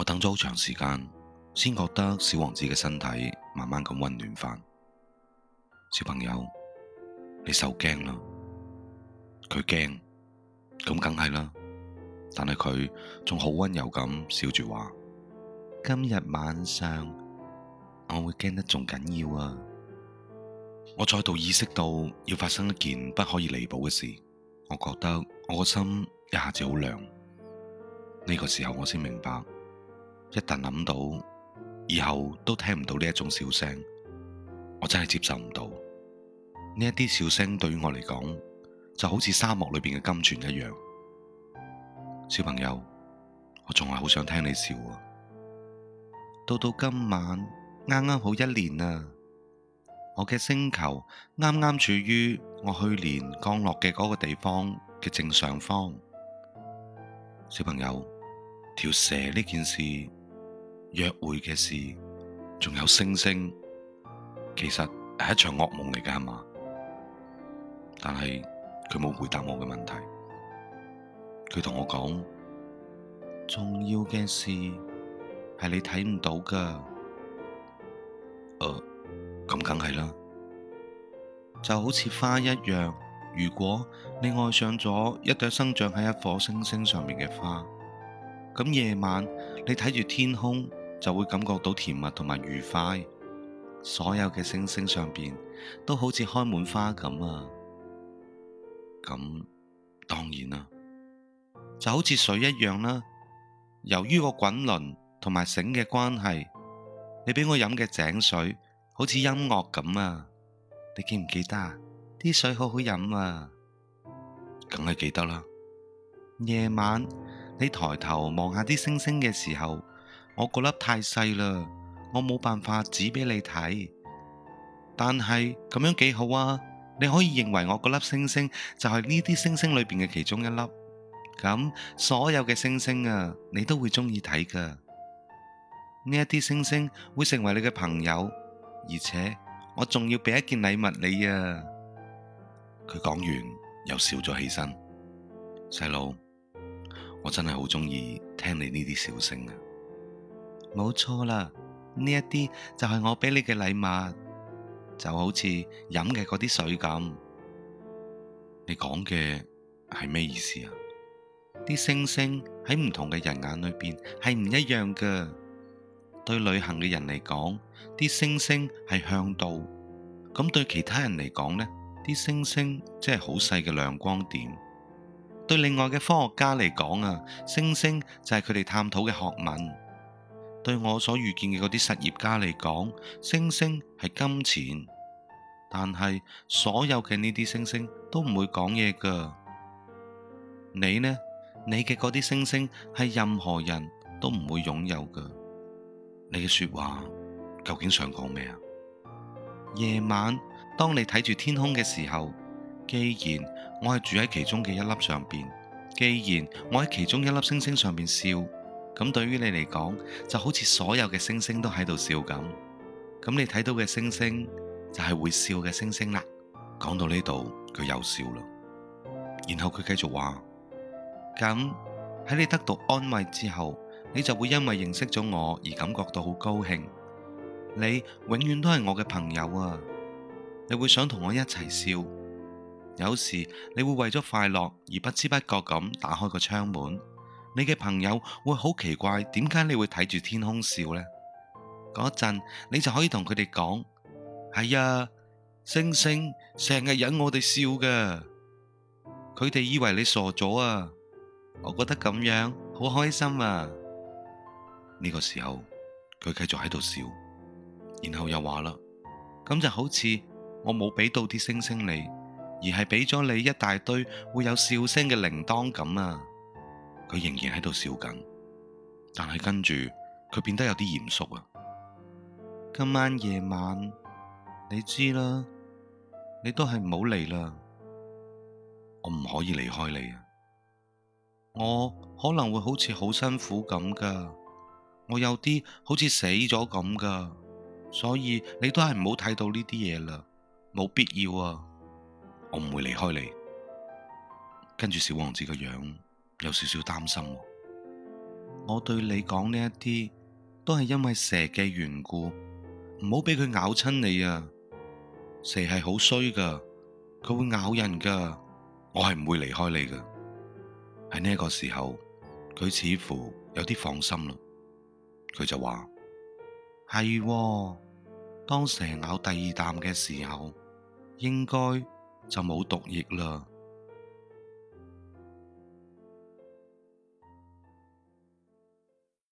我等咗好長時間，先覺得小王子嘅身體慢慢咁溫暖翻。小朋友，你受驚啦？佢驚咁，梗係啦。但係佢仲好溫柔咁笑住話：今日晚上我會驚得仲緊要啊！我再度意識到要發生一件不可以彌補嘅事，我覺得我個心一下子好涼。呢個時候，我先明白。一旦諗到以後都聽唔到呢一種笑聲，我真係接受唔到。呢一啲笑聲對於我嚟講，就好似沙漠裏邊嘅甘泉一樣。小朋友，我仲係好想聽你笑啊！到到今晚啱啱好一年啊！我嘅星球啱啱處於我去年降落嘅嗰個地方嘅正上方。小朋友，條蛇呢件事。約會嘅事，仲有星星，其實係一場噩夢嚟噶嘛？但係佢冇回答我嘅問題，佢同我講：重要嘅事係你睇唔到噶。誒、呃，咁梗係啦，就好似花一樣，如果你愛上咗一朵生長喺一顆星星上面嘅花，咁夜晚你睇住天空。就會感覺到甜蜜同埋愉快，所有嘅星星上邊都好似開滿花咁啊！咁當然啦，就好似水一樣啦。由於個滾輪同埋繩嘅關係，你俾我飲嘅井水好似音樂咁啊！你記唔記得啊？啲水好好飲啊！梗係記得啦。夜晚你抬頭望下啲星星嘅時候。我嗰粒太細啦，我冇辦法指俾你睇。但係咁樣幾好啊，你可以認為我嗰粒星星就係呢啲星星裏邊嘅其中一粒。咁所有嘅星星啊，你都會中意睇噶。呢一啲星星會成為你嘅朋友，而且我仲要俾一件禮物你啊。佢講完又笑咗起身，細路，我真係好中意聽你呢啲笑聲啊！冇錯啦，呢一啲就係我俾你嘅禮物，就好似飲嘅嗰啲水咁。你講嘅係咩意思啊？啲星星喺唔同嘅人眼裏邊係唔一樣噶。對旅行嘅人嚟講，啲星星係嚮導；咁對其他人嚟講呢，啲星星即係好細嘅亮光點。對另外嘅科學家嚟講啊，星星就係佢哋探討嘅學問。對我所遇見嘅嗰啲實業家嚟講，星星係金錢，但係所有嘅呢啲星星都唔會講嘢噶。你呢？你嘅嗰啲星星係任何人都唔會擁有噶。你嘅說話究竟想講咩啊？夜晚當你睇住天空嘅時候，既然我係住喺其中嘅一粒上邊，既然我喺其中一粒星星上邊笑。咁對於你嚟講，就好似所有嘅星星都喺度笑咁。咁你睇到嘅星星就係會笑嘅星星啦。講到呢度，佢又笑啦。然後佢繼續話：咁喺你得到安慰之後，你就會因為認識咗我而感覺到好高興。你永遠都係我嘅朋友啊！你會想同我一齊笑。有時你會為咗快樂而不知不覺咁打開個窗門。你嘅朋友會好奇怪，點解你會睇住天空笑呢？嗰陣你就可以同佢哋講：係啊、哎，星星成日引我哋笑嘅。佢哋以為你傻咗啊！我覺得咁樣好開心啊！呢、呢個時候佢繼續喺度笑，然後又話啦：咁就好似我冇俾到啲星星你，而係俾咗你一大堆會有笑聲嘅鈴鐺咁啊！佢仍然喺度笑緊，但係跟住佢變得有啲嚴肅啊！今晚夜晚，你知啦，你都係唔好嚟啦。我唔可以離開你啊！我可能會好似好辛苦咁噶，我有啲好似死咗咁噶，所以你都係唔好睇到呢啲嘢啦，冇必要啊！我唔會離開你。跟住小王子個樣。有少少擔心，我對你講呢一啲都係因為蛇嘅緣故，唔好俾佢咬親你啊！蛇係好衰噶，佢會咬人噶，我係唔會離開你噶。喺呢一個時候，佢似乎有啲放心啦，佢就話：係、哦，當蛇咬第二啖嘅時候，應該就冇毒液啦。